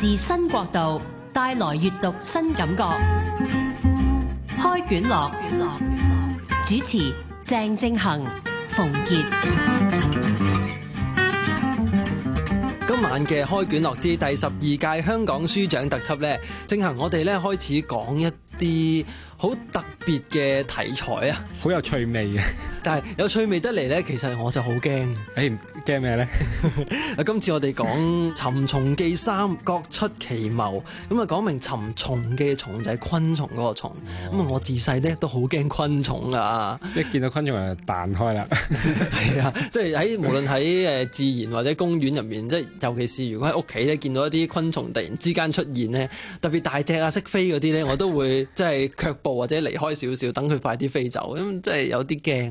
自新角度帶來閱讀新感覺，開卷樂主持鄭政恆、馮傑。今晚嘅開卷樂之第十二屆香港書獎特輯呢，政恆我哋咧開始講一啲。好特別嘅題材啊！好有趣味嘅， 但係有趣味得嚟咧，其實我就好驚。誒、欸，驚咩咧？ 今次我哋講《尋蟲記三》，各出奇謀，咁啊講明尋蟲嘅蟲仔，昆蟲嗰個、哦、蟲。咁啊，我自細咧都好驚昆蟲㗎。一見到昆蟲啊，彈開啦！係 啊，即係喺無論喺誒自然或者公園入面，即係尤其是如果喺屋企咧見到一啲昆蟲突然之間出現咧，特別大隻啊識飛嗰啲咧，我都會即係卻，卻或者離開少少，等佢快啲飛走，咁即係有啲驚。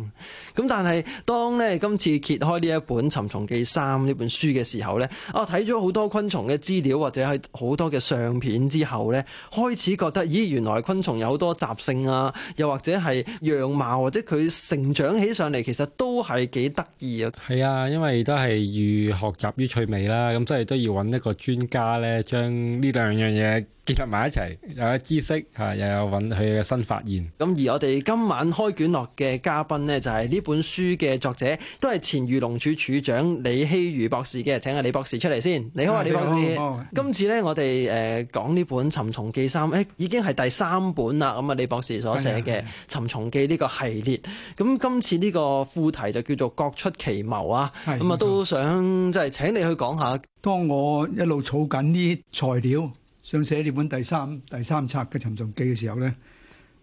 咁但係當咧今次揭開呢一本《尋蟲記三》呢本書嘅時候呢，啊睇咗好多昆蟲嘅資料，或者係好多嘅相片之後呢，開始覺得咦，原來昆蟲有好多習性啊，又或者係樣貌或者佢成長起上嚟，其實都係幾得意啊。係啊，因為都係寓學習於趣味啦。咁即係都要揾一個專家呢，將呢兩樣嘢，結合埋一齊，又有知識吓，又有揾佢嘅新發現。咁而我哋今晚開卷樂嘅嘉賓呢，就係、是、呢本書嘅作者，都係前漁農處處長李熙瑜博士嘅，請阿李博士出嚟先。你好啊，嗯、李博士。嗯嗯、今次呢，我哋誒講呢本《尋蟲記三》，誒、欸、已經係第三本啦。咁啊，李博士所寫嘅《尋蟲記》呢、這個系列，咁、哎、呀今次呢個副題就叫做《各出奇謀》啊。咁啊，都想即係請你去講下。當我一路儲緊啲材料。想寫呢本第三第三冊嘅《尋蟲記》嘅時候咧，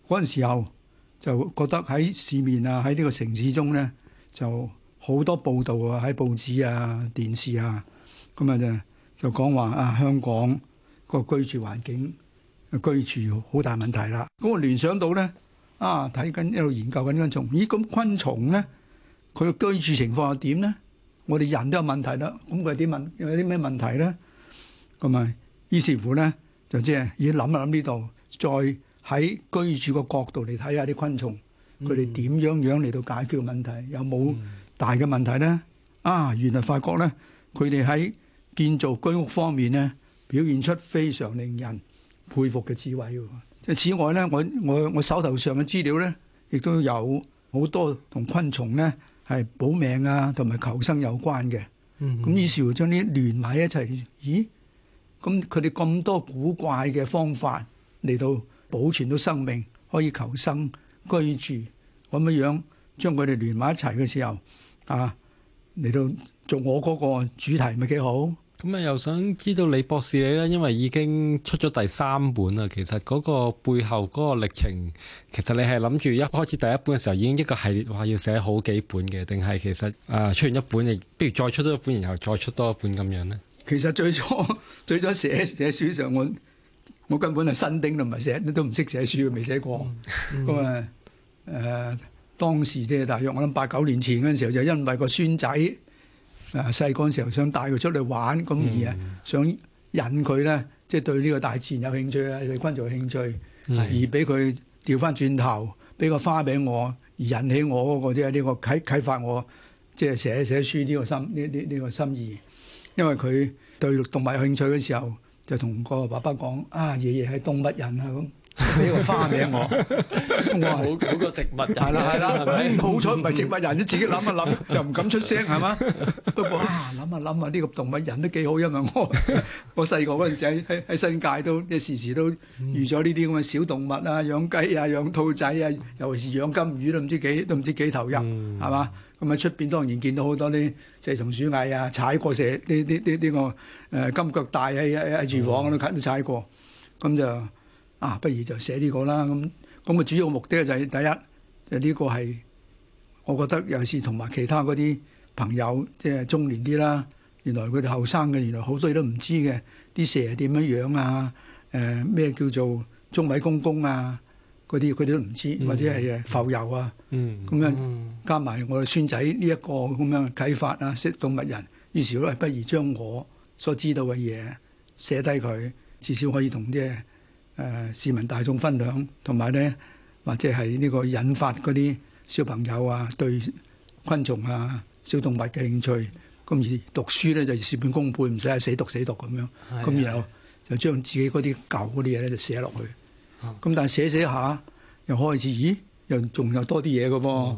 嗰陣時候就覺得喺市面啊，喺呢個城市中咧就好多報道啊，喺報紙啊、電視啊咁啊就就講話啊香港個居住環境居住好大問題啦。咁我聯想到咧啊，睇緊一路研究緊昆蟲，咦，咁昆蟲咧佢嘅居住情況又點咧？我哋人都有問題啦，咁佢係點問有啲咩問題咧？咁咪於是乎咧。就知啊！要諗一諗呢度，再喺居住個角度嚟睇下啲昆蟲，佢哋點樣樣嚟到解決問題，有冇大嘅問題咧？啊，原來發覺咧，佢哋喺建造居屋方面咧，表現出非常令人佩服嘅智慧。即係此外咧，我我我手頭上嘅資料咧，亦都有好多同昆蟲咧係保命啊同埋求生有關嘅。咁於是乎將啲連埋一齊，咦？咁佢哋咁多古怪嘅方法嚟到保存到生命，可以求生居住咁樣樣將佢哋聯埋一齊嘅時候啊，嚟到做我嗰個主題咪幾好？咁啊，又想知道李博士你咧，因為已經出咗第三本啦，其實嗰個背後嗰個歷程，其實你係諗住一開始第一本嘅時候已經一個系列，話要寫好幾本嘅，定係其實啊出完一本，亦不如再出多一本，然後再出多一本咁樣咧？其實最初最初寫寫書上我我根本係新丁啦，唔係都唔識寫，寫書，未寫過咁啊。誒當時即係大約我諗八九年前嗰陣時候，就因為個孫仔誒細個嗰時候想帶佢出去玩，咁、嗯、而啊想引佢咧，即、就、係、是、對呢個大自然有興趣啊，對昆蟲有興趣，而俾佢調翻轉頭俾個花俾我，而引起我嗰個即係呢個啟啟發我即係、就是、寫寫書呢個心呢呢呢個心意。因為佢對動物有興趣嘅時候，就同個爸爸講：啊，爺爺係動物人啊！咁俾個花名我， 我係說好個植物人。係啦係啦， 好彩唔係植物人，你自己諗一諗，又唔敢出聲係嘛。不過 啊，諗下諗下呢個動物人都幾好㗎嘛，因為，我我細個嗰陣時喺喺新界都即時時都遇咗呢啲咁嘅小動物養雞啊，養雞啊，養兔仔啊，尤其是養金魚都唔知幾都唔知幾投入，係嘛？咁喺出邊當然見到好多啲蛇蟲鼠蟻啊，踩過蛇啲啲啲呢個誒金腳帶啊，喺喺喺廚房嗰度踩都踩過，咁就啊，不如就寫呢個啦。咁咁嘅主要目的就係第一，就呢個係我覺得有時同埋其他嗰啲朋友，即係中年啲啦，原來佢哋後生嘅，原來好多嘢都唔知嘅，啲蛇係點樣樣啊？誒，咩叫做中尾公公啊？嗰啲佢哋都唔知，或者係浮游啊，咁、嗯嗯、樣加埋我孫仔呢一個咁樣啟發啊，識動物人，於是都係不如將我所知道嘅嘢寫低佢，至少可以同即係誒市民大眾分享，同埋咧或者係呢個引發嗰啲小朋友啊對昆蟲啊小動物嘅興趣，咁而讀書咧就是事半功倍，唔使死讀死讀咁樣，咁的然後就將自己嗰啲舊嗰啲嘢咧就寫落去。咁但係寫寫下又開始，咦？又仲有多啲嘢嘅噃，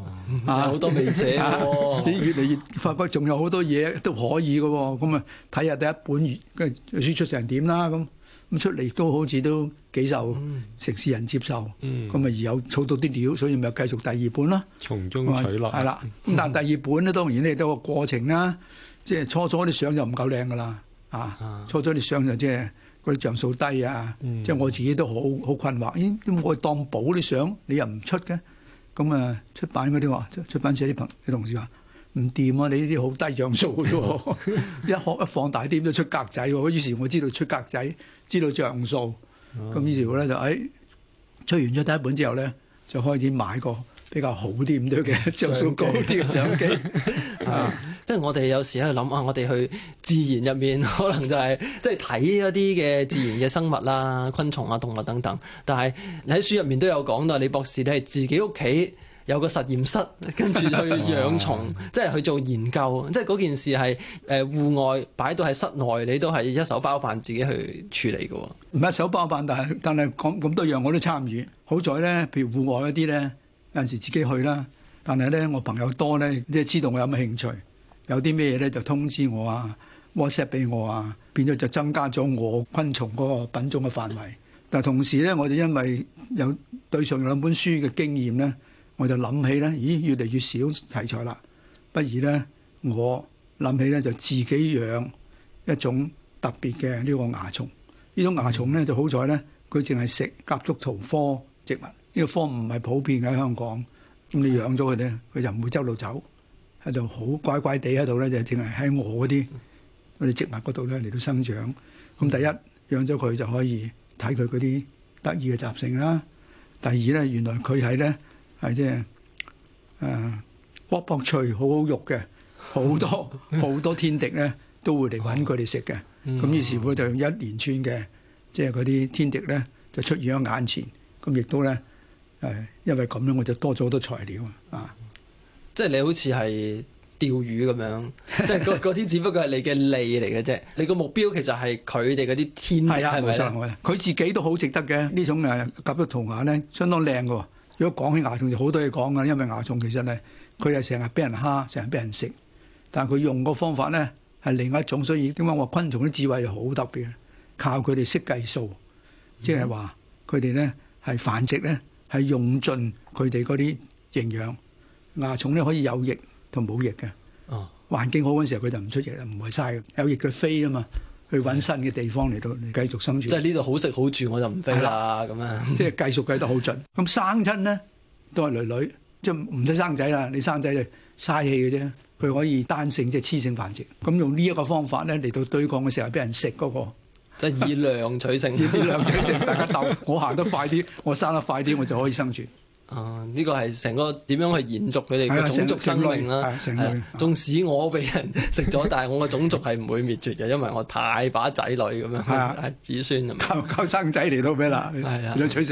啊！好 多未寫， 越嚟越發覺仲有好多嘢都可以嘅喎。咁啊，睇下第一本嘅書出成點啦。咁咁出嚟都好似都幾受城市人接受。咁啊、嗯嗯、而有儲到啲料，所以咪繼續第二本咯。從中取樂係啦。咁 但係第二本咧，當然咧都係個過程啦。 即係初初啲相就唔夠靚嘅啦。啊，初初啲相就即係。嗰啲像素低啊，即係我自己都好好困惑。咦？我當補啲相，你又唔出嘅？咁啊，出版嗰啲話，出出版社啲朋啲同事話唔掂啊！你呢啲好低像素嘅喎，一一放大啲都出格仔喎。於是我知道出格仔，知道像素。咁於是咧就哎出完咗第一本之後咧，就開始買個比較好啲咁多嘅像素高啲嘅相機。即係我哋有時喺度諗啊，我哋去自然入面可能就係即係睇一啲嘅自然嘅生物啦、 昆蟲啊、動物等等。但係喺書入面都有講到，李博士你係自己屋企有個實驗室，跟住去養蟲， 即係去做研究。即係嗰件事係誒戶外擺到喺室內，你都係一手包辦自己去處理㗎喎。唔係一手包辦，但係但係講咁多樣我都參與。好在咧，譬如戶外嗰啲咧，有陣時自己去啦。但係咧，我朋友多咧，即係知道我有咩興趣。有啲咩嘢咧就通知我啊，WhatsApp 俾我啊，變咗就增加咗我昆蟲嗰個品種嘅範圍。但同時咧，我就因為有對上有兩本書嘅經驗咧，我就諗起咧，咦，越嚟越少題材啦，不如咧，我諗起咧就自己養一種特別嘅呢個蚜蟲。種蚜蟲，呢種蚜蟲咧就好彩咧，佢淨係食夾竹桃科植物。呢、呢個科唔係普遍嘅喺香港，咁你養咗佢咧，佢就唔會周路走。喺度好乖乖地喺度咧，就淨係喺我嗰啲植物嗰度咧嚟到生長。咁第一養咗佢就可以睇佢嗰啲得意嘅習性啦。第二咧，原來佢係咧係即係誒卜卜脆好好肉嘅，好多好 多天敵咧都會嚟揾佢哋食嘅。咁於是乎就用一連串嘅即係嗰啲天敵咧就出現喺眼前。咁亦都咧誒，因為咁樣我就多咗好多材料啊！即係你好似係釣魚咁樣， 即係嗰啲，只不過係你嘅利嚟嘅啫。 你個目標其實係佢哋嗰啲天，係咪啊？冇錯，佢自己都好值得嘅。種牙呢種誒夾到蟲眼咧，相當靚嘅。如果講起牙蟲，就好多嘢講嘅，因為牙蟲其實咧，佢係成日俾人蝦，成日俾人食。但係佢用個方法咧，係另外一種。所以點解話昆蟲啲智慧好特別？靠佢哋識計數，即係話佢哋咧係繁殖咧係用盡佢哋嗰啲營養。 蚜蟲咧可以有翼同冇翼嘅，環境好嗰陣時候，佢就唔出翼，唔會嘥嘅。有翼佢飛啊嘛，去揾新嘅地方嚟到繼續生存。即係呢度好食好住，我就唔飛啦咁啊！了樣即係繼續計得好準。咁生親咧都係女女，即係唔使生仔啦。你生仔就嘥氣嘅啫。佢可以單性即係雌性繁殖。咁用呢一個方法咧嚟到對抗嘅時候，俾人食嗰、那個，即係以量取勝。 以量取勝，大家鬥。我行得快啲，我生得快啲，我就可以生存。啊！呢個係成個點樣去延續佢哋嘅種族生命啦？仲使我被人食咗，但係我個種族係唔會滅絕嘅，因為我大把仔女，咁樣子孫咁靠靠生仔嚟到咩啦？係啊，兩成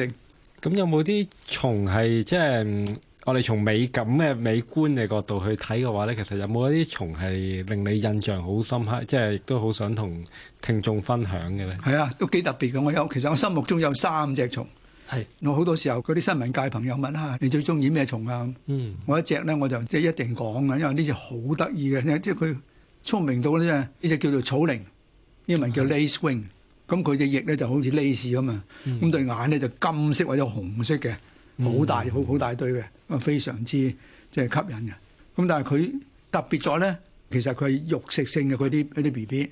咁，有冇啲蟲係即係我哋從美感嘅美觀嘅角度去睇嘅話咧，其實有冇一啲蟲係令你印象好深刻，即係亦都好想同聽眾分享嘅咧？係啊，都幾特別嘅。我有，其實我心目中有三隻蟲。係是我好多時候嗰啲新聞界朋友問啊，你最中意咩蟲啊？嗯，我一隻咧我就即係一定講嘅，因為呢隻好得意嘅，即係佢聰明到咧，呢隻叫做草蛉，英文叫 lacewing，咁佢隻是翼咧就好似 lace 咁啊，咁對、嗯、眼咧就金色或者紅色嘅，好、嗯、大，好好大堆嘅，非常之即係、就是、吸引嘅。咁但係佢特別咗咧，其實佢係肉食性嘅，佢啲啲 B B。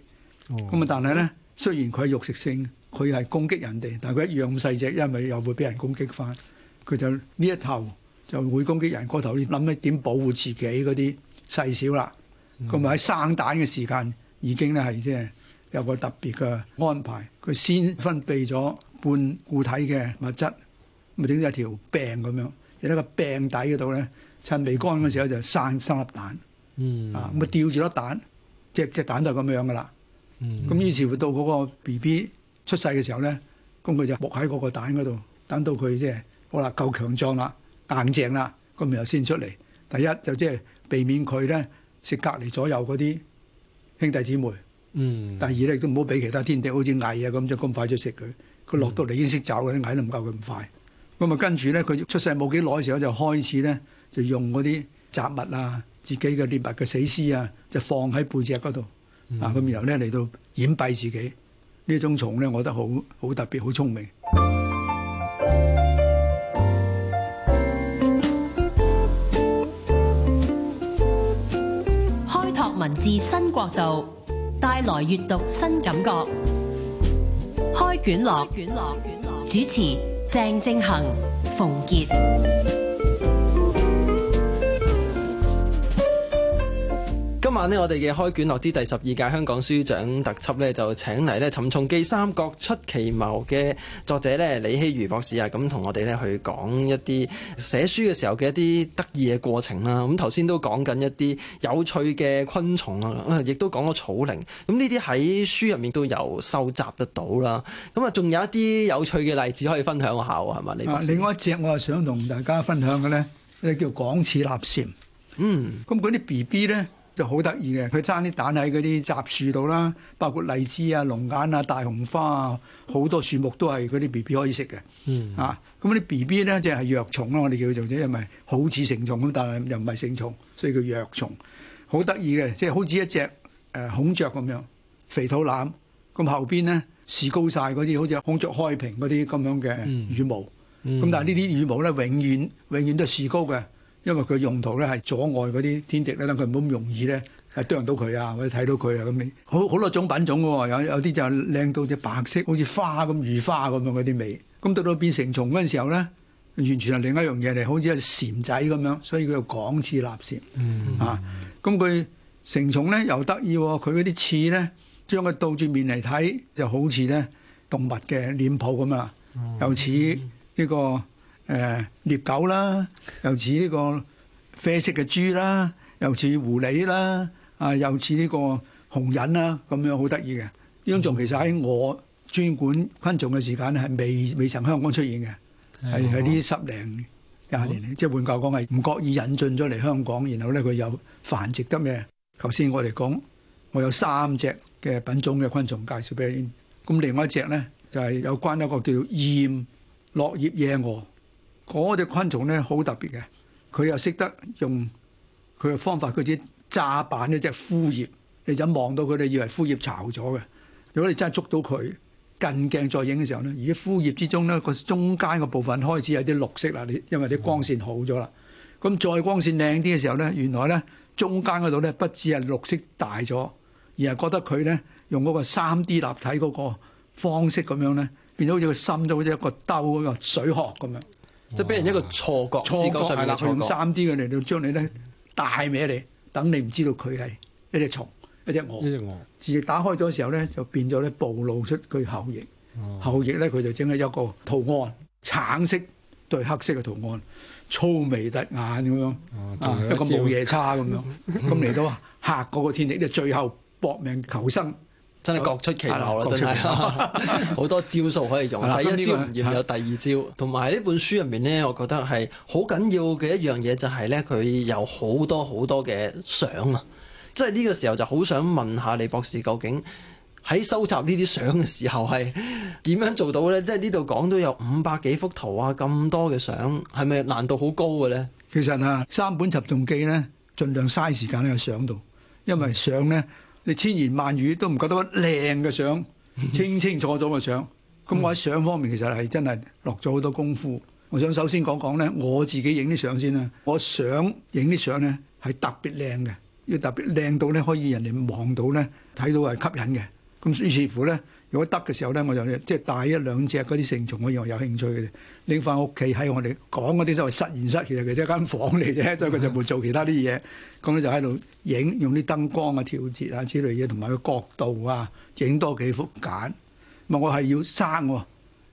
咁啊，哦、但係咧，雖然佢係肉食性。佢係攻擊人哋，但係佢一樣咁細隻，因為又會俾人攻擊翻。佢就呢一頭就會攻擊人，嗰頭咧諗咧點保護自己嗰啲細小啦。咁啊喺生蛋嘅時間已經咧係即係有個特別嘅安排，佢先分泌咗半固體嘅物質，咪整咗條柄咁樣，而呢個柄底嗰度咧趁未乾嘅時候就生生粒蛋，mm hmm. 啊咁啊吊住粒蛋，隻隻蛋就係咁樣噶啦。咁、mm hmm. 於是乎到嗰個 B B。出世嘅時候咧，咁佢就伏喺嗰個蛋嗰度，等到佢即係好啦夠強壯啦、硬淨啦，咁然後先出嚟。第一就即係避免佢咧食隔離左右嗰啲兄弟姊妹。嗯。第二咧亦都唔好俾其他天敵，好似蟻啊咁，就咁快就食佢。佢落到嚟已經識走嘅，蟻都唔夠佢咁快。咁啊，跟住咧佢出世冇幾耐嘅時候，就開始咧就用嗰啲雜物啊、自己嘅獵物嘅死屍啊，就放喺背脊嗰度啊，咁然後咧嚟到掩蔽自己。呢種蟲咧，我覺得好好特別，好聰明。開拓文字新國度，帶來閱讀新感覺。開卷樂，主持鄭政恒、馮傑。今晚呢，我哋嘅開卷樂之第十二屆香港書獎特輯呢，就請嚟呢《尋蟲記3》各出奇謀嘅作者呢，李熙瑜博士啊，咁同我哋呢去講一啲寫書嘅時候嘅一啲得意嘅過程啦。咁頭先都講緊一啲有趣嘅昆蟲啊，亦都講個草蛉。咁呢啲喺書入面都有收集得到啦。咁啊，仲有一啲有趣嘅例子可以分享下，係嘛，李博士？另外一隻我又想同大家分享嘅呢咧叫廣翅蠟蟬。嗯，咁嗰啲 B B 呢。就好得意嘅，佢爭啲蛋喺嗰啲雜樹度啦，包括荔枝啊、龍眼啊、大紅花啊，好多樹木都係嗰啲 B B 可以食嘅。嗯、啊，咁啲 B B 咧即係係若蟲啦，我哋叫做即係咪好似成蟲咁，但係又唔係成蟲，所以叫若蟲。就是、好得意嘅，即係好似一隻誒、呃、孔雀咁樣，肥肚腩，咁後邊咧豎高晒嗰啲，好似孔雀開屏嗰啲咁樣嘅羽毛。咁、嗯嗯、但係呢啲羽毛咧，永遠永遠都係豎高嘅。因為佢用途咧係阻礙嗰啲天敵咧，佢唔好咁容易咧係啄到佢啊，或者睇到佢啊咁。好好多種品種嘅喎，有有啲就靚到隻白色，好似花咁如花咁樣嗰啲味。咁到到變成蟲嗰陣時候咧，完全係另一樣嘢嚟，好似係蟬仔咁樣，所以叫港刺蠟蟬。嗯嗯、mm。Hmm. 啊，咁佢成蟲咧又得意喎，佢嗰啲刺咧，將佢倒住面嚟睇，就好似咧動物嘅臉譜咁啊，mm hmm. 又似呢、這個。誒獵狗啦，又似呢個啡色嘅豬啦，又似狐狸啦，啊，又似呢個紅蟻啦，咁樣好得意嘅。呢種蟲其實喺我專管昆蟲嘅時間咧，係未未曾香港出現嘅，係喺呢十零廿年嚟，即係換句講係唔覺意引進咗嚟香港，然後咧佢又繁殖得咩？頭先我哋講，我有三隻嘅品種嘅昆蟲介紹俾你，咁另外一隻咧就係有關一個叫做艷落葉夜蛾。嗰隻昆蟲咧好特別嘅，佢又識得用佢嘅方法，佢自炸板即係枯葉，你就望到佢哋以為枯葉巢咗嘅。如果你真係捉到佢近鏡再影嘅時候咧，而啲枯葉之中咧個中間個部分開始有啲綠色啦。你因為啲光線好咗啦，咁、嗯、再光線靚啲嘅時候咧，原來咧中間嗰度咧不止係綠色大咗，而係覺得佢咧用嗰個三 D 立體嗰個方式咁樣咧，變咗好似個心都好似一個兜一個水殼咁樣。即係俾人一個錯覺，錯哇覺上係啦，佢用三 D 嘅嚟到將你咧大歪你，等、嗯、你唔知道佢係一隻蟲一隻蛾。而打開咗時候咧，就變咗咧，暴露出佢後翼。哦、後翼咧，佢就整係一個圖案，橙色對黑色嘅圖案，粗眉突眼咁、哦啊、樣，一個無夜叉咁樣，咁嚟到嚇嗰個天敵就最後搏命求生。真係各出奇謀啦，的真係好 多招數可以用。第一招唔完有第二招。同埋呢本書入面呢，我覺得係好緊要嘅一樣嘢，就係呢，佢有好多好多嘅相啊！即係呢個時候就好想問下李博士，究竟喺收集呢啲相嘅時候係點樣做到呢？即係呢度講都有五百幾幅圖啊，咁多嘅相係咪難度好高嘅呢？其實啊，《三本尋蟲記》呢，盡量嘥時間喺相度，因為相呢。你千言萬語都唔覺得靚嘅相，清清楚楚嘅相，咁 我喺相方面其實係真係落咗好多功夫。我想首先講講咧，我自己影啲相先啦。我想影啲相咧係特別靚嘅，要特別靚到咧可以人哋望到咧睇到係吸引嘅，咁於是乎咧。如果得嘅時候咧，我就即係帶一兩隻嗰啲成蟲，我認為有興趣嘅拎翻屋企，喺我哋講嗰啲就係實驗室，其實佢只係間房嚟啫，所以佢就冇做其他啲嘢。咁咧 就喺度影，用啲燈光啊、調節啊之類嘢，同埋個角度啊，影多幾幅揀。唔我係要生。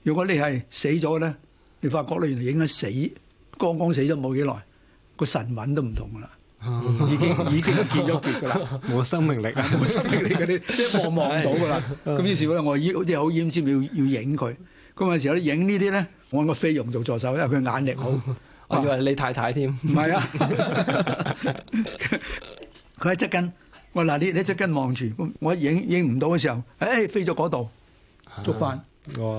如果你係死咗咧，你發覺你原來影咗死，剛剛死咗冇幾耐，個神韻都唔同㗎啦。已經已經見咗結噶啦，冇生命力，冇生命力嗰啲，即係望望唔到噶啦。咁於是嗰陣我依好似好奄尖，要要影佢。咁有陣時咧影呢啲咧，我揾個菲傭做助手，因為佢眼力好。我以為你太太添，唔係啊。佢喺側近，我嗱你你側近望住，我影影唔到嘅時候，誒飛咗嗰度，捉翻，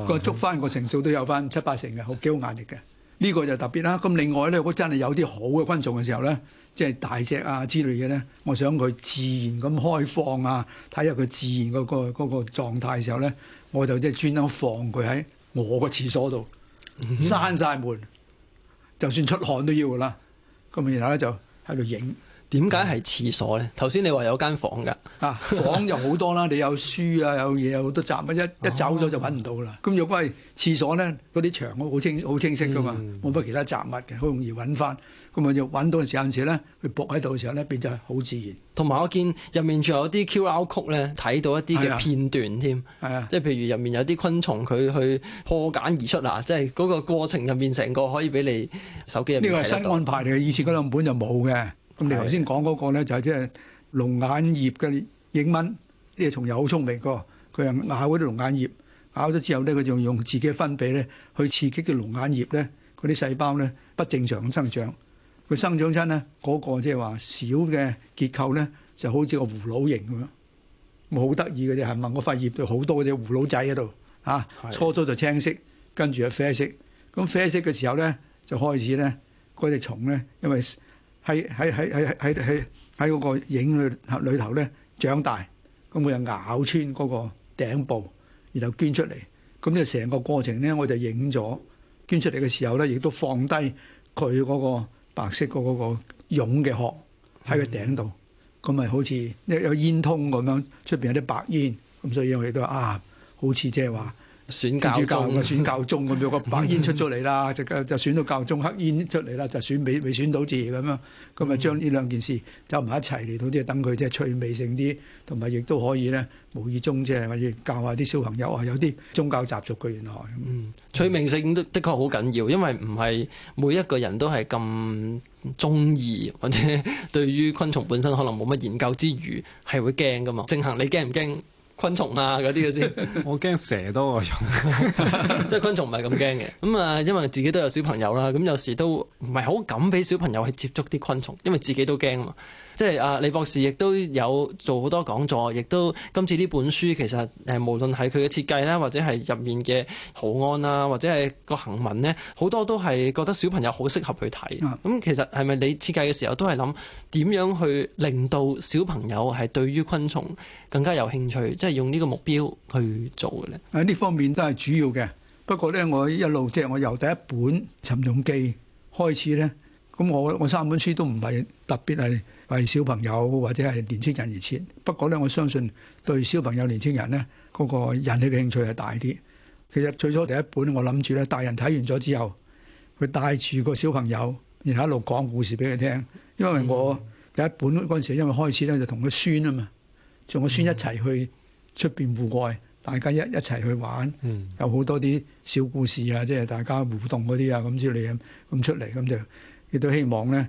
個捉翻個成數都有翻七八成嘅，好幾好眼力嘅。呢個就特別啦。咁另外咧，如果真係有啲好嘅觀眾嘅時候咧。即係大隻啊之類嘅咧，我想佢自然咁開放啊，睇下佢自然嗰個嗰個狀態嘅時候咧，我就即係專登放佢喺我個廁所度，閂晒門，就算出汗都要噶啦。咁然後咧就喺度影。點解係廁所咧？頭先你話有間房噶，啊，啊房就好多啦， 你有書啊，有嘢，有好多雜物，一一走咗就揾唔到噶啦。咁如果係廁所咧，嗰啲牆好清好清晰噶嘛，冇乜，嗯、其他雜物嘅，好容易揾翻。咁啊，要揾到嘅時候，有時咧，佢搏喺度嘅時候咧，變咗好自然。同埋我見入面仲有啲 QR code 咧，睇到一啲嘅片段添，啊啊，即係譬如入面有啲昆蟲佢去破繭而出啊，即係嗰個過程入面成個可以俾你手機入呢個係新安排嚟嘅，以前嗰兩本就冇嘅。咁你頭先講嗰個咧，就係即係龍眼葉嘅影蚊，呢隻蟲又好聰明㗎，佢又咬嗰啲龍眼葉，咬咗之後咧，佢仲用自己嘅分泌咧去刺激啲龍眼葉咧嗰啲細胞咧不正常咁生長，佢生長出咧嗰個即係話小嘅結構咧就好似個葫蘆形咁樣，好得意嘅啫，係咪？我塊葉度好多隻葫蘆仔喺度，啊，初初就青色，跟住係啡色，咁啡色嘅時候咧就開始咧嗰隻蟲咧，因為喺喺喺喺喺喺喺嗰個影裏裏頭咧長大，咁佢又咬穿嗰個頂部，然後捐出嚟，咁咧成個過程咧我就影咗，捐出嚟嘅時候咧亦都放低佢嗰個白色嗰嗰個蛹嘅殼喺個頂度，咁咪好似有有煙通咁樣，出邊有啲白煙，咁所以我亦都啊，好似即係話。選教教嘅選教宗咁樣，個白煙出咗嚟啦，就就選到教宗，黑煙出嚟啦，就選美未選到自咁樣，咁咪將呢兩件事攪埋一齊嚟到，即係等佢即係趣味性啲，同埋亦都可以咧，無意中即係教下啲小朋友啊，有啲宗教習俗嘅原來。嗯，趣味、嗯、性都的確好緊要，因為唔係每一個人都係咁中意，或者對於昆蟲本身可能冇乜研究之餘，係會驚㗎嘛。正行，你驚唔驚？昆蟲啊嗰啲嘅先，我驚蛇多過蟲，即係昆蟲唔係咁驚嘅。咁啊，因為自己都有小朋友啦，咁有時都唔係好敢俾小朋友去接觸啲昆蟲，因為自己都驚啊嘛。即係啊，李博士亦都有做好多講座，亦都今次呢本書其實誒，無論係佢嘅設計啦，或者係入面嘅圖案啦，或者係個行文咧，好多都係覺得小朋友好適合去睇。咁的其實係咪你設計嘅時候都係諗點樣去令到小朋友係對於昆蟲更加有興趣？即係用呢個目標去做嘅咧？喺呢、啊、方面都係主要嘅。不過咧，我一路即係、就是、我由第一本《尋蟲記》開始咧，咁我我三本書都唔係特別係。為小朋友或者係年青人而設，不過咧，我相信對小朋友年輕、年青人咧嗰個引起嘅興趣係大啲。其實最初第一本我諗住咧，大人睇完咗之後，佢帶住個小朋友，然後一路講故事俾佢聽。因為我，、嗯、我第一本嗰陣時，因為開始咧就同個孫啊嘛，同個孫一齊去出邊戶外，大家一一齊去玩，嗯、有好多啲小故事啊，即係大家互動嗰啲啊，咁之類咁出嚟，咁就亦都希望咧。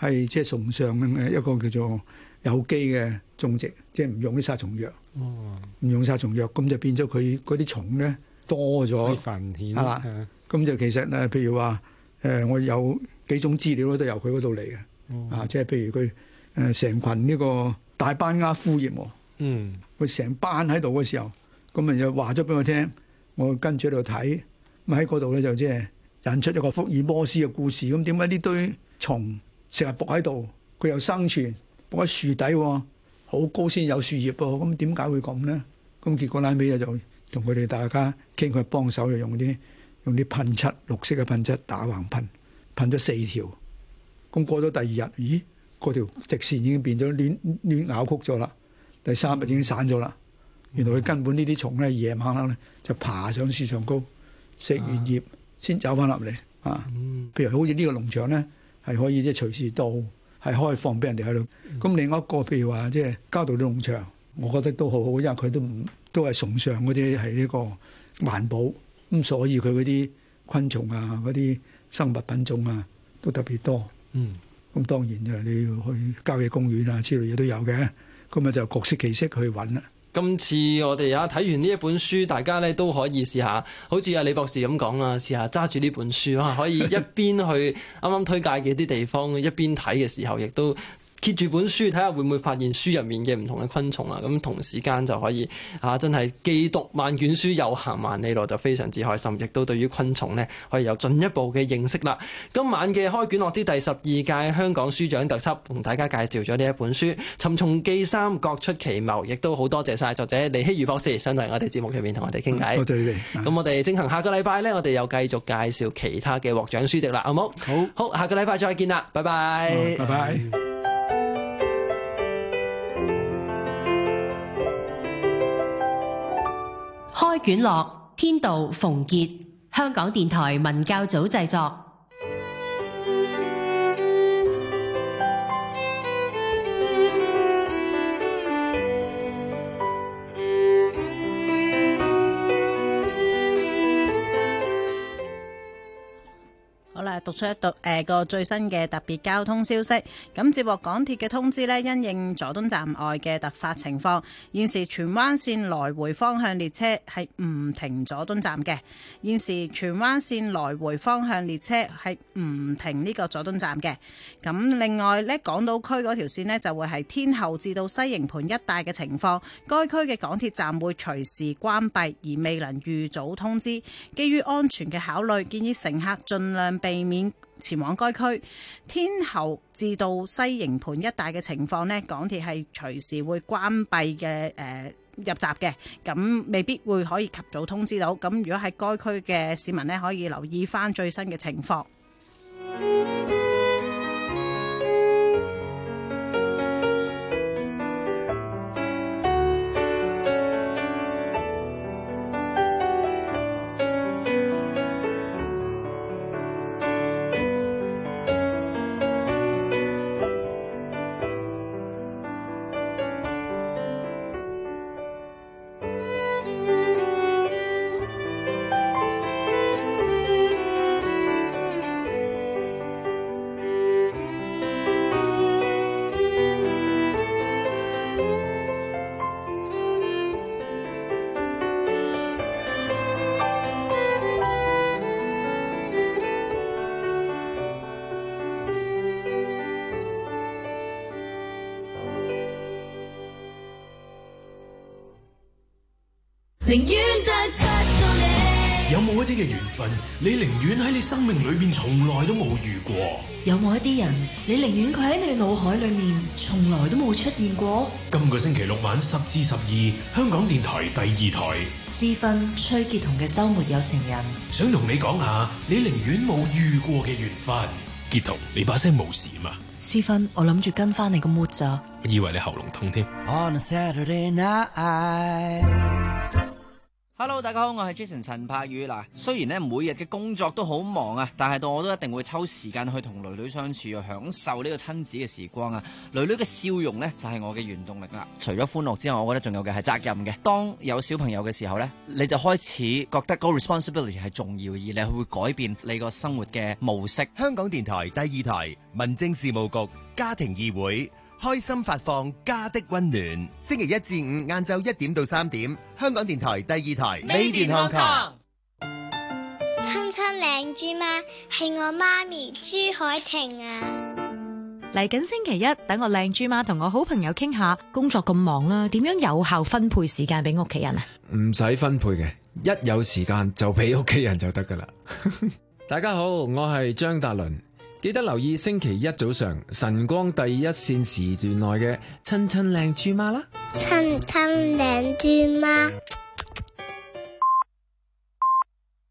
係即係崇尚誒一個叫做有機嘅種植，即係唔用啲殺蟲藥。唔用殺蟲藥，咁、oh. 就變咗佢嗰啲蟲咧多咗。啲繁衍啦，咁就其實誒，譬如話誒、呃，我有幾種資料都由佢嗰度嚟嘅。Oh. 啊，即、就、係、是、譬如佢誒成群呢個大斑鴨枯葉蛾。嗯，佢成班喺度嘅時候，咁咪又話咗俾我聽，我跟住喺度睇，咁喺嗰度咧就即、是、係引出一個福爾摩斯嘅故事。咁點解呢堆蟲？成日伏喺度，佢又生存，伏喺樹底，好高先有樹葉喎。咁點解會咁呢？咁結果拉尾就同佢哋大家傾佢幫手，用啲用啲噴漆，綠色嘅噴漆打橫噴，噴咗四條。咁過咗第二日，咦？嗰條直線已經變咗，亂亂扭曲咗啦。第三日已經散咗啦。原來佢根本呢啲蟲咧，夜晚黑咧就爬上樹上高，食完葉先走翻落嚟啊。譬、嗯、如好似呢個農場咧。係可以即係隨時到，係開放俾人哋喺度。咁另外一個譬如話，即係郊道啲農場，我覺得都好好，因為佢都都係崇尚嗰啲係呢個環保。咁所以佢嗰啲昆蟲啊、嗰啲生物品種啊，都特別多。嗯，咁當然啊，你要去郊野公園啊之類嘢都有嘅。咁咪就各式其式去揾啦。今次我哋啊睇完呢一本書，大家咧都可以試下，好似阿李博士咁講啊，試下揸住呢本書啊，可以一邊去啱啱推介嘅啲地方，一邊睇嘅時候，亦都，揭住本書睇下會唔會發現書入面嘅唔同嘅昆蟲啊！咁同時間就可以嚇、啊、真係既讀萬卷書又行萬里路，就非常之開心。亦都對於昆蟲呢，可以有進一步嘅認識啦。今晚嘅開卷樂之第十二屆香港書獎特輯，同大家介紹咗呢一本書《尋蟲記三：各出奇謀》，亦都好多謝晒作者李熙瑜博士上嚟我哋節目入面同我哋傾偈。多謝你。咁我哋正行下個禮拜呢，我哋又繼續介紹其他嘅獲獎書籍啦。好唔好？好，下個禮拜再見啦，拜拜，拜拜。開卷樂編導馮杰，香港電台文教組製作。讀出一讀誒個最新嘅特別交通消息。咁接獲港鐵嘅通知咧，因應佐敦站外嘅突發情況，現時荃灣線來回方向列車係唔停佐敦站嘅。現時荃灣線來回方向列車係唔停呢個佐敦站嘅。咁另外咧，港島區嗰條線呢就會係天后至到西營盤一帶嘅情況，該區嘅港鐵站會隨時關閉，而未能預早通知。基於安全嘅考慮，建議乘客盡量避免。免前往該區，天后至到西營盤一帶嘅情況咧，港鐵係隨時會關閉嘅，誒、呃、入閘嘅，咁未必會可以及早通知到。咁如果喺該區嘅市民呢，可以留意翻最新嘅情況。得你有冇一啲嘅緣分？你寧願喺你生命裏邊從來都冇遇過。有冇一啲人？你寧願佢喺你腦海裏面從來都冇出現過。今個星期六晚十至十二，12，香港電台第二台。思芬，崔傑同嘅周末有情人。想同你講下，你寧願冇遇過嘅緣分。傑同，你把聲冇事嘛？思芬，我諗住跟翻你個 mood 咋？我以為你喉嚨痛添。On Hello，大家好，我係 Jason 陳柏宇嗱。雖然咧每日嘅工作都好忙啊，但係到我都一定會抽時間去同女女相處，享受呢個親子嘅時光啊。女女嘅笑容咧就係我嘅原動力啦。除咗歡樂之外，我覺得仲有嘅係責任嘅。當有小朋友嘅時候咧，你就開始覺得個 responsibility 係重要，而你係會改變你個生活嘅模式。香港電台第二台，民政事務局，家庭議會。開心發放家的溫暖。星期一至五晏晝一點到三點，香港電台第二台。美點看台。親親靚豬媽係我媽咪朱海婷啊。嚟緊星期一，等我靚豬媽同我好朋友傾下工作。咁忙啦，點樣有效分配時間俾屋企人啊？唔使分配嘅，一有時間就俾屋企人就得噶啦。 大家好，我係張達倫。記得留意星期一早上晨光第一線時段內嘅親親靚豬媽啦！親親靚豬媽。